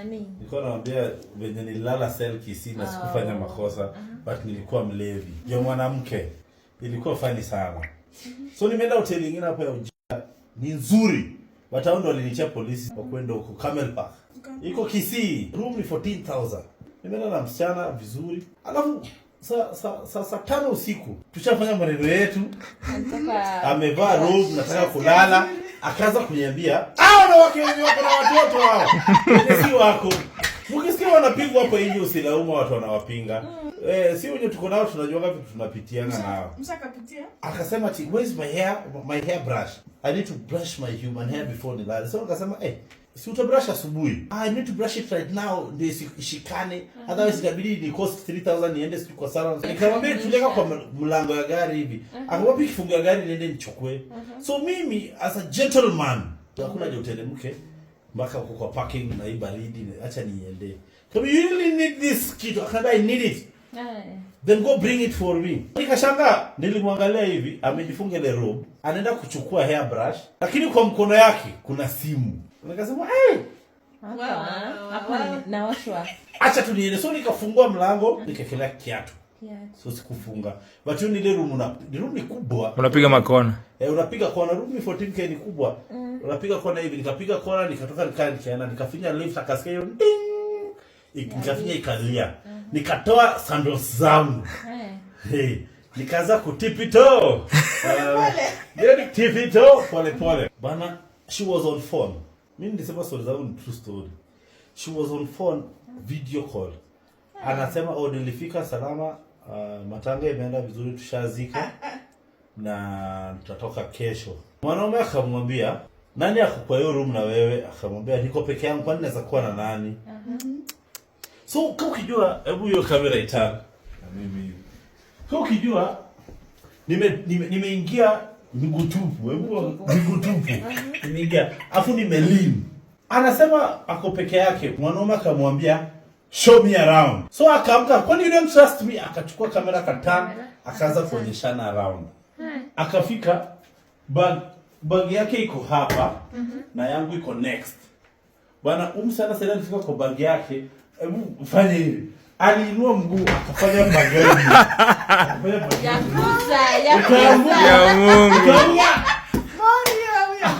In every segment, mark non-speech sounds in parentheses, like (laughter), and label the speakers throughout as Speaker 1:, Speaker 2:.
Speaker 1: ulifanya nini? Nilikuwa naambia venye nililala sel kisi na ah. sikufanya makosa uh -huh. But nilikuwa mlevi ya mwanamke, ilikuwa fani sana so nimeenda hoteli nyingine hapo ya ujia ni nzuri, but hao ndo walinichia polisi kwa kwenda huko Camel Park, iko Kisii, room ni 14000 nimeenda na msichana vizuri, alafu saa sa, sa, sa tano usiku tushafanya maneno yetu, amevaa robe, nataka kulala, akaanza kuniambia wanawake wenye wako na watoto hao si wako Mkisikia wanapigwa hapo hivi usilaumu watu wanawapinga. Mm. Eh, si wenye tuko nao tunajua ngapi tunapitiana nao.
Speaker 2: Msa kapitia.
Speaker 1: Akasema, "Where is my hair? My hair brush. I need to brush my human hair before nilale." So akasema, "Eh, hey, si utabrush asubuhi. I need to brush it right now ndio ishikane. Uh -huh. Otherwise mm-hmm. ikabidi ni cost 3000 niende siku kwa salon. Nikamwambia mm-hmm. tulieka kwa mlango ya gari hivi. Uh mm-hmm. -huh. Akakwambia gari niende nichukue. So mimi as a gentleman hakuna uh -huh. mpaka uko kwa parking na hii baridi acha niende. Kama you really need this kitu akanda I need it. Eh. Then go bring it for me. Nikashangaa nilimwangalia hivi amejifunga ile robe anaenda kuchukua hair brush lakini kwa mkono yake kuna simu. Nikasema eh, acha tu niende. So nikafungua mlango nikakelea kiatu So sikufunga. But hiyo nile rumu ni rumu ni kubwa.
Speaker 3: Unapiga makona.
Speaker 1: Eh, unapiga kona rumu ni 14k ni kubwa. Mm. Unapiga kona hivi, nikapiga kona nikatoka nikaa nikaenda nikafinya lift akasikia hiyo ding. Yaani. Nikafinya ikalia. Mm-hmm. Nikatoa sandals zangu. Eh. Hey. Nikaanza kutipito. Ndio uh, pole pole. Bana she was on phone. Mimi nilisema story zangu ni true story. She was on phone video call. Anasema oh, nilifika salama, uh, matanga imeenda vizuri, tushazika (laughs) na tutatoka kesho. Mwanaume akamwambia nani ako kwa hiyo room na wewe? Akamwambia niko peke yangu, kwani naweza kuwa na nani? Uh-huh. So kama ukijua, hebu hiyo kamera itana na mimi, kama ukijua nimeingia nime miguu tupu, miguu tupu niga (laughs) afu nimelimu. Anasema ako peke yake, mwanaume akamwambia show me around, so akaamka, kwani you don't trust me? Akachukua kamera katana, akaanza kuonyeshana around, hmm. akafika bag bag yake iko hapa mm -hmm. na yangu iko next. Bwana umsana sana, sana kwa bag yake, hebu fanye hivi aliinua mguu akafanya magadi (laughs)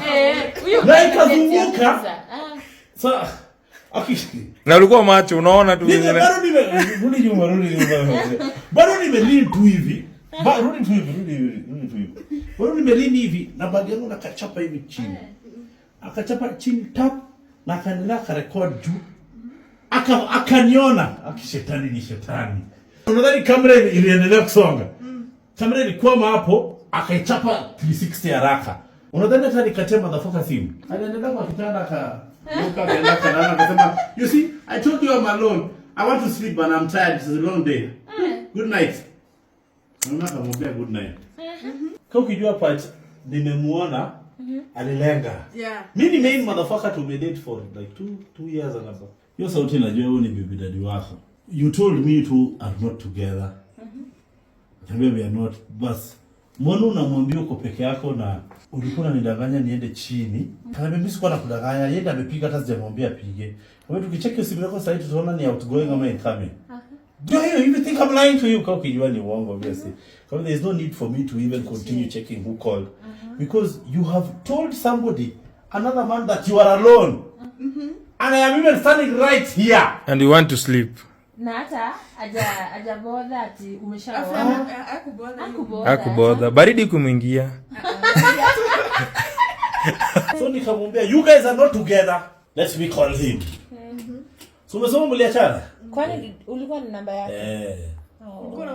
Speaker 1: eh,
Speaker 3: na ulikuwa macho unaona tu
Speaker 1: bado nimelii tu hivi bado nimelii hivi na bagi nakachapa hivi chini eh. akachapa chini tap na akaendelea akarekodi juu aka akaniona shetani ni shetani. Unadhani kamera iliendelea kusonga? Mm. Kamera ilikwama hapo, akaichapa 360 haraka. Unadhani hata nikatema motherfucker simu? Aliendelea kwa kitanda aka Luka eh? kaenda kana akasema, "You see, I told you I'm alone. I want to sleep but I'm tired. It's a long day. Eh. Good night." Mama akamwambia good night. Uh-huh. Kwa ukijua part nimemuona mm-hmm. alilenga. Yeah. Mimi ni main motherfucker to tumedate for like 2 2 years and above hiyo sauti najua wewe ni bibi dadi wako. You told me to are not together. Mhm. Mm Niambia we are not. Bas. Mbona unamwambia uko peke yako na ulikuwa unanidanganya niende chini? Kana mm-hmm. mimi sikuwa nakudanganya, yeye ndiye amepiga hata sijamwambia pige. Kwa hiyo tukicheki simu yako sasa hivi tutaona ni outgoing ama incoming. Uh-huh. Do you even think I'm lying to you? Kwa kijua ni uongo obviously. Because there is no need for me to even continue checking who called. Uh -huh. Because you have told somebody another man that you are alone. Mm-hmm and I am even standing right here
Speaker 3: and you want to sleep
Speaker 2: na eh,
Speaker 3: baridi kumwingia.
Speaker 1: So you guys are not together, let's be So
Speaker 2: kwani ulikuwa namba yake?
Speaker 1: Eh. Oh.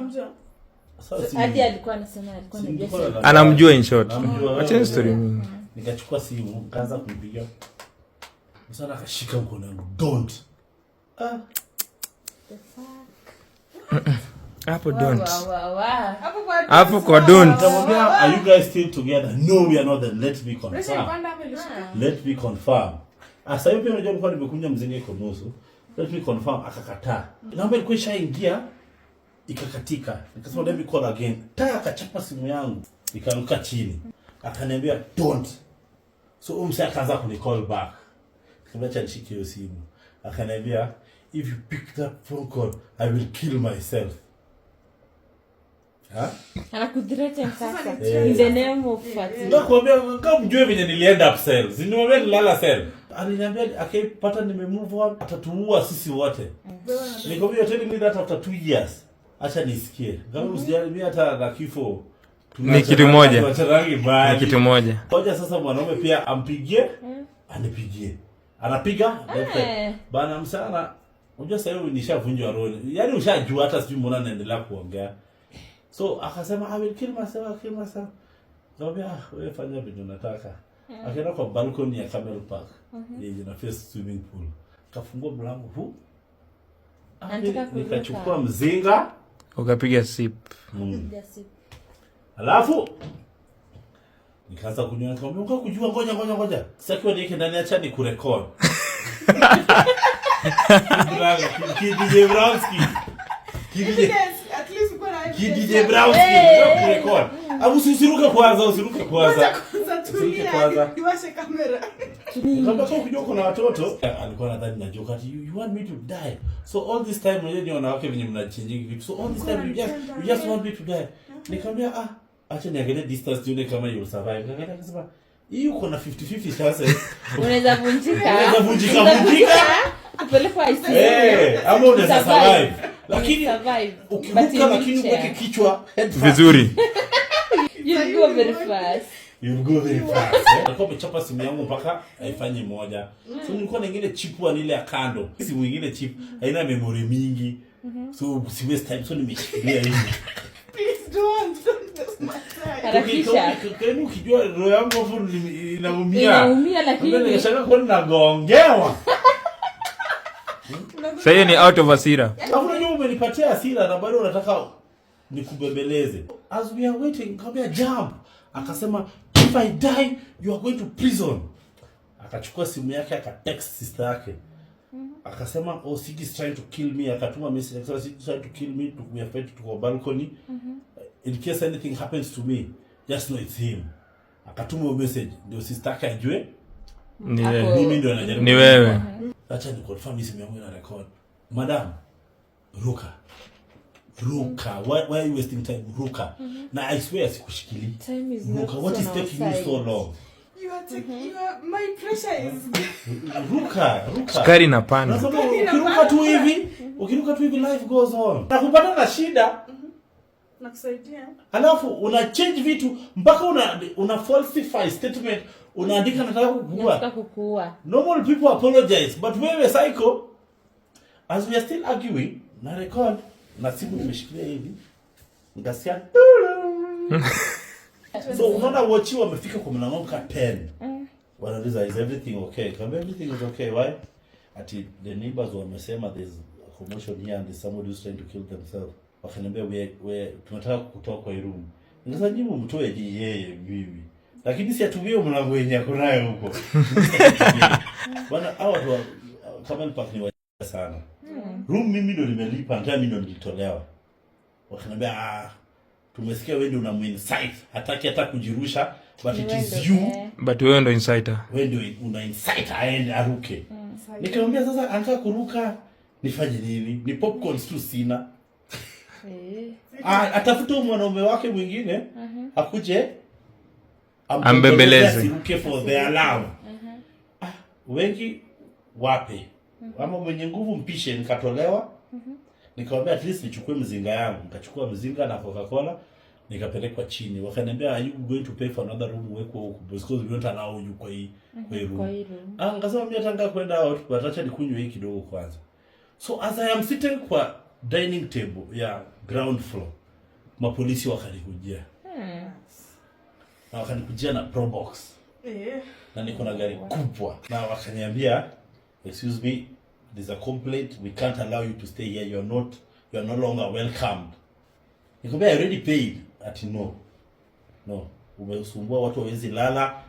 Speaker 2: Hadi alikuwa anasema alikuwa
Speaker 3: anamjua in short, acha story.
Speaker 1: Nikachukua simu nikaanza kumpigia sana akashika mkono wangu. Don't. Ah.
Speaker 3: The fuck. Hapo don't. Hapo kwa don't.
Speaker 1: are you guys still together? No, we are not. Then let me
Speaker 4: confirm.
Speaker 1: Let me confirm. Ah, Asa hiyo pia unajua nimekunywa mzinga iko nusu. Let me confirm akakataa. Naomba ilikuwa ishaingia ikakatika. Nikasema let me call again. Taya akachapa simu yangu. Nikaanguka chini. Akaniambia don't. So umse akaanza kunicall back. Nimeacha nishike hiyo simu. Akaniambia, if you pick that phone call, I will kill myself.
Speaker 2: Eh. Eh, eh,
Speaker 1: Nakwambia venye nilienda up cell, nimwambia nilala cell. Aliniambia akipata nimemove on atatuua sisi wote. Nikwambia you're telling me that after two years. Acha nisikie kama mhm. usijaribia hata na kifo
Speaker 3: ni kitu moja,
Speaker 1: ni kitu moja. Ngoja sasa mwanaume pia ampigie, anipigie anapiga hey. Eh. Bana msana, unajua sasa hivi nishavunjwa roho, yaani ushajua, hata sijui mbona naendelea kuongea. So akasema I ah, will kill myself, kill myself. Nikamwambia ah, wewe fanya vile unataka yeah. Akaenda kwa balcony ya Camel Park mm-hmm. yenye na face swimming pool, kafungua mlango huu, ah, nikachukua mzinga
Speaker 3: ukapiga sip, mm.
Speaker 1: alafu Nikaanza kunywa ngombe. kujua ngoja ngoja ngoja. Sasa niweke ndani acha ni kurekodi. usiruke kwanza, usiruke kwanza. kuna watoto alikuwa nadhani you want me to die. So all this time unajua ni wanawake venye vitu. So all this time you just you just want me to die. Nikamwambia ah acha niangalie distance jione kama you survive. Niangalia kasema hii uko na 50 50 chances.
Speaker 2: (laughs) Unaweza vunjika.
Speaker 1: Unaweza vunjika
Speaker 2: vunjika. Kupelekwa ICU.
Speaker 1: Eh, ama unaweza survive. Lakini ukiruka lakini uweke kichwa
Speaker 3: vizuri.
Speaker 2: (laughs) you go very fast.
Speaker 1: You'll go very fast. Alikuwa eh, amechapa simu yangu mpaka haifanyi moja. So nilikuwa na ingine chipua ni ile ya kando. Simu mwingine chip haina memori mingi. Mhm. So si waste time so nimeshikilia hivi.
Speaker 4: Please don't
Speaker 2: harakisha.
Speaker 1: Kenu kijua roho yangu hapo inaumia.
Speaker 2: Inaumia lakini
Speaker 1: nikasema kwani nagongewa. (laughs)
Speaker 3: Sasa hiyo ni out of hasira.
Speaker 1: Yaani- kama unajua umenipatia hasira na bado unataka nikubembeleze. As we are waiting, kaambia jump. Akasema if I die you are going to prison. Akachukua simu yake akatext sister yake. Mhm. Akasema oh Sigi is trying to kill me. Akatuma message akasema Sigi is trying to kill me. Tukumia fight to balcony. Mm -hmm in case anything happens to me just know it's him. Akatuma message ndio sistaki ajue
Speaker 3: Mimi ndio Ni wewe.
Speaker 1: Acha ni confirm hizi simu na record. Madam, ruka. Ruka. Why, why are you wasting time? Ruka. Mhm. Na I swear sikushikili.
Speaker 2: Ruka, what is taking you so long?
Speaker 4: Mhm.
Speaker 1: (laughs) Ruka, ruka. Ukiruka tu hivi, ukiruka tu hivi life goes on. Nakupata na shida. Mhm
Speaker 4: nakusaidia.
Speaker 1: Halafu una change vitu mpaka una, una falsify statement, unaandika nataka kukuua.
Speaker 2: Nataka kukuua.
Speaker 1: Normal people apologize, but wewe psycho as we are still arguing na record na simu nimeshikilia hivi nikasikia (laughs) so unaona wachi wamefika kwa mlango ka 10 mm. Wanauliza is everything okay? Kama everything is okay, why? Ati the neighbors wamesema there's a commotion here and there's somebody who's trying to kill themselves wakaniambia we, we tunataka kutoa kwa room. ngasa jibu mtoe yeye mimi. Lakini si atumie mlango wenye ako huko. (laughs) Bwana hawa tu kama ni pakni sana. Room hmm. mimi ndo nimelipa, ndio mimi ndo nilitolewa. Wakaniambia ah, tumesikia wewe ndio una insight, hataki hata kujirusha but it is you. Eh.
Speaker 3: But wewe ndio insider.
Speaker 1: Wewe ndio una insight aende aruke. Hmm, Nikamwambia sasa anataka kuruka nifanye nini? Ni popcorn tu sina. Eh. Ah, atafuta mwanaume wake mwingine mhm. akuje
Speaker 3: ambembeleze
Speaker 1: asiruke for their love. Mhm. Ah, wengi wape mhm. ama mwenye nguvu mpishe. Nikatolewa, nikawambia at least nichukue mzinga yangu, nikachukua mzinga na Coca-Cola nikapelekwa chini, wakaniambia are you going to pay for another room because we don't allow you kwa hii kwa hii room. Ah, nikasema mimi kwenda out but acha nikunywe hii kidogo kwanza. So as I am sitting kwa dining table ya ground floor, mapolisi wakanikujia hmm. na wakanikujia na pro box eh. na niko na gari kubwa, na wakaniambia excuse me there's a complaint we can't allow you to stay here you're not you're no longer welcomed. Nikamwambia I already paid, ati no no, umesumbua watu wawezi lala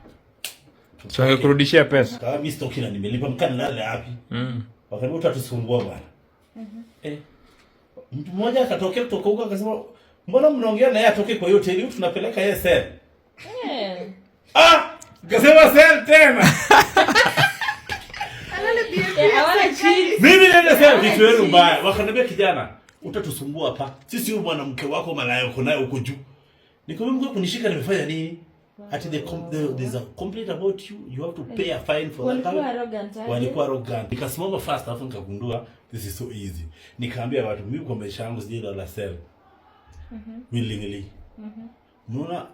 Speaker 3: Sasa kurudishia pesa.
Speaker 1: Kama mimi sitoki na nimelipa mkani lala wapi? Mm. Wakaniambia utatusumbua bwana. Mhm. Eh. Mtu mmoja akatokea kutoka huko akasema, mbona mnaongea naye atoke kwa hiyo hoteli, tunapeleka yeye sel. Eh. Ah, kasema sel tena. (laughs) Mimi nenda sel vitu wenu mbaya. Wakaniambia kijana, utatusumbua hapa. Sisi huyu mwanamke wako malaya uko naye huko juu. Nikamwambia kunishika nimefanya nini? Ati they com they, there's a complaint about you, you have to eh, pay a fine for that.
Speaker 2: Walikuwa arrogant.
Speaker 1: Walikuwa arrogant. Nikasimama fast alafu nikagundua this is so easy. Nikaambia watu mimi kwa maisha yangu sijui la sell. Mhm. Willingly. Mhm. Unaona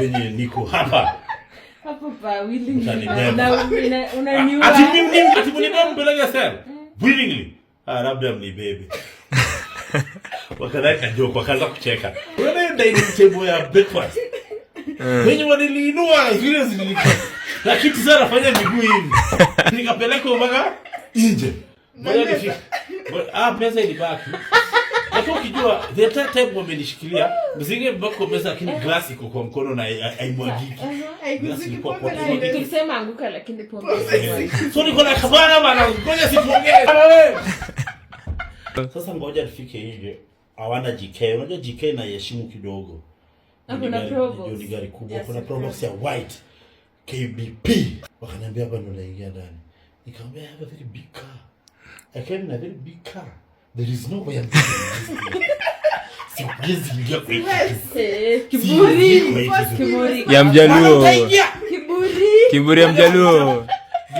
Speaker 1: venye niko hapa.
Speaker 2: (laughs) Hapo pa willingly. Na unaniua.
Speaker 1: Ati mimi mimi ati mimi mbelanga sell. Mm. Willingly. Ah, labda baby (laughs) Wakadaka joke, wakaanza kucheka. wewe ndio ni table ya breakfast wenye eh. waniliinua na zile zilika (laughs) lakini tisa nafanya miguu hivi (laughs) nikapeleka mpaka nje moja ah, pesa ilibaki lakini ukijua the third time wamenishikilia mzinge mbako meza lakini glass iko kwa mkono na haimwagiki
Speaker 4: uh-huh, uh-huh.
Speaker 1: so niko na kabana bana ngoja sipongee (laughs) wewe sasa ngoja tufike hivi hawana JK unajua JK na heshima kidogo ni gari kubwa, kuna probox ya white KBP. Wakaniambia hapa ndo naingia ndani, nikamwambia hapa very big car. I came in a very big car. There is no way I'm (laughs) Kiburi
Speaker 3: ya mjaluo, kiburi ya mjaluo,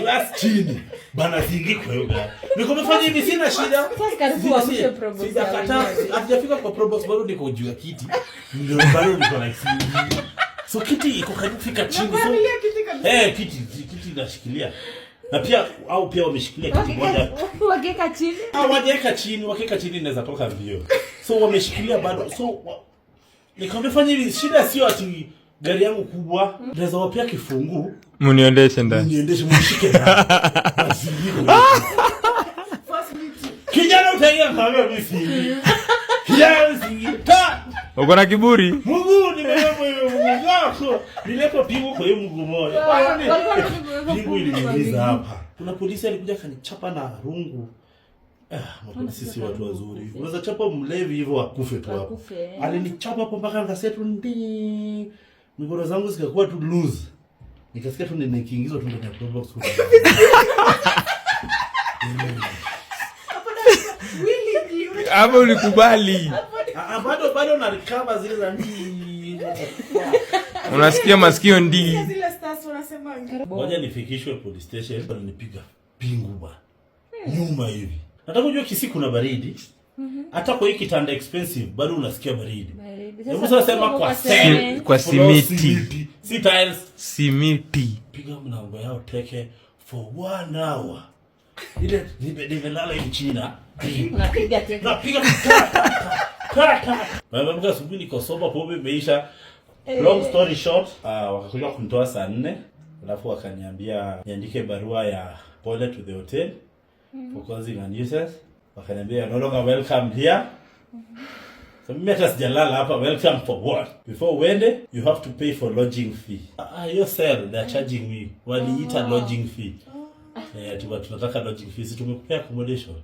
Speaker 1: glass chini bana, siingi kwa hiyo gari nikumfanya hivi sina shida. Sijakataa. kwa probox bado niko juu ya kiti. bado niko na So kiti iko karibu chini.
Speaker 4: So,
Speaker 1: eh, kiti kiti inashikilia. Na pia au pia wameshikilia
Speaker 2: kiti moja. (laughs) chini.
Speaker 1: Ah, chini, chini inaweza toka So wameshikilia bado. So hivi shida sio ati gari yangu kubwa naweza wapia ndani (laughs)
Speaker 3: (laughs) Uko na kiburi.
Speaker 1: Mungu Mungu ah, Nilepo pingu kwa Mungu Pingu hapa. Kuna polisi alikuja kanichapa na rungu. Ah, sisi watu wazuri. Unaweza chapa mlevi hivyo akufe tu hapo. Alinichapa hapo mpaka ngasetu ndi. Mikono zangu zikakuwa tu loose. Nikasikia tu nikiingizwa tu ndani ya box. (laughs)
Speaker 3: ama ulikubali.
Speaker 1: Ah, ah, bado bado na recover zile za ndii.
Speaker 3: Unasikia masikio ndii.
Speaker 4: Zile stars wanasema.
Speaker 1: Ngoja nifikishwe police station hapa nipiga pingu ba. Nyuma hivi. Nataka kujua kisi kuna baridi. Mhm. Hata kwa hii kitanda expensive bado unasikia baridi. Hebu sasa sema kwa sen,
Speaker 3: kwa simiti. Si tiles, simiti.
Speaker 1: Piga mlango yao teke for one hour. (laughs) ile nimelala hivi chini na
Speaker 2: (laughs) napiga teke
Speaker 1: napiga Nakumbuka (laughs) asubuhi niko soba, pombe imeisha. Eh. Long story short, uh, wakakuja kunitoa saa nne alafu wakaniambia niandike barua ya pole to the hotel mm. for causing a nuisance. Wakaniambia no longer welcome here. Mm -hmm. So mimi hata sijalala hapa, welcome for what? Before uende you have to pay for lodging fee. Ah, uh, ah, your cell they are charging me. Waliita ah. lodging fee. Oh. Eh, ati tunataka lodging fees, tumekupea accommodation.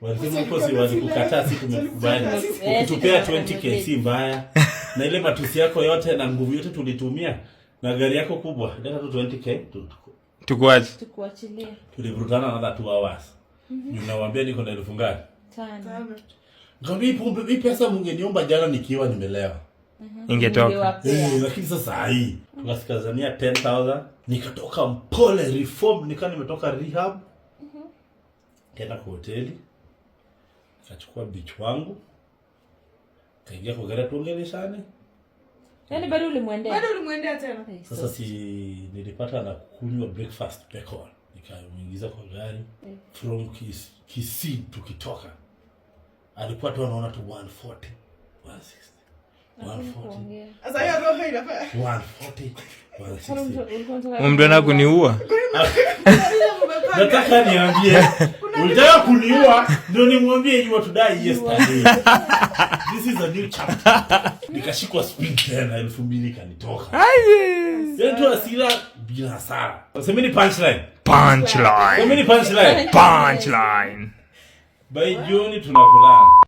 Speaker 1: Walisema kosi si walikukataa, si tumekubali. Ukitupea 20k eh, si mbaya. Na ile matusi yako yote na nguvu yote tulitumia na gari yako kubwa, leta tu 20k
Speaker 3: tukuache.
Speaker 2: Tukuachilie.
Speaker 1: Tulivurutana another 2 hours. Mhm. Ninawaambia niko na elfu ngapi? Tano. Ngapi pombe, pesa mungeniomba jana nikiwa nimelewa.
Speaker 3: Mhm. ingetoka
Speaker 1: eh, lakini sasa hii tukasikazania 10000 nikatoka mpole reform nika nimetoka rehab mhm. kaenda kwa hoteli kachukua bich wangu kaingia kwa gari tuongeleshane
Speaker 2: Yaani bado ulimwendea?
Speaker 4: Bado ulimwendea tena. Eh,
Speaker 1: sasa si nilipata na kunywa breakfast Nikamwingiza kwa gari eh. from kisi tukitoka. Alikuwa tu anaona tu 140. 160.
Speaker 3: Mtu ana kuniua,
Speaker 1: ulitaka kuniua ndio nimwambie Nikashikwa tena, elfu mbili kanitoka. Yetu bila hasara. Semeni punchline. punchline.
Speaker 3: Punchline. By jioni tunakulana.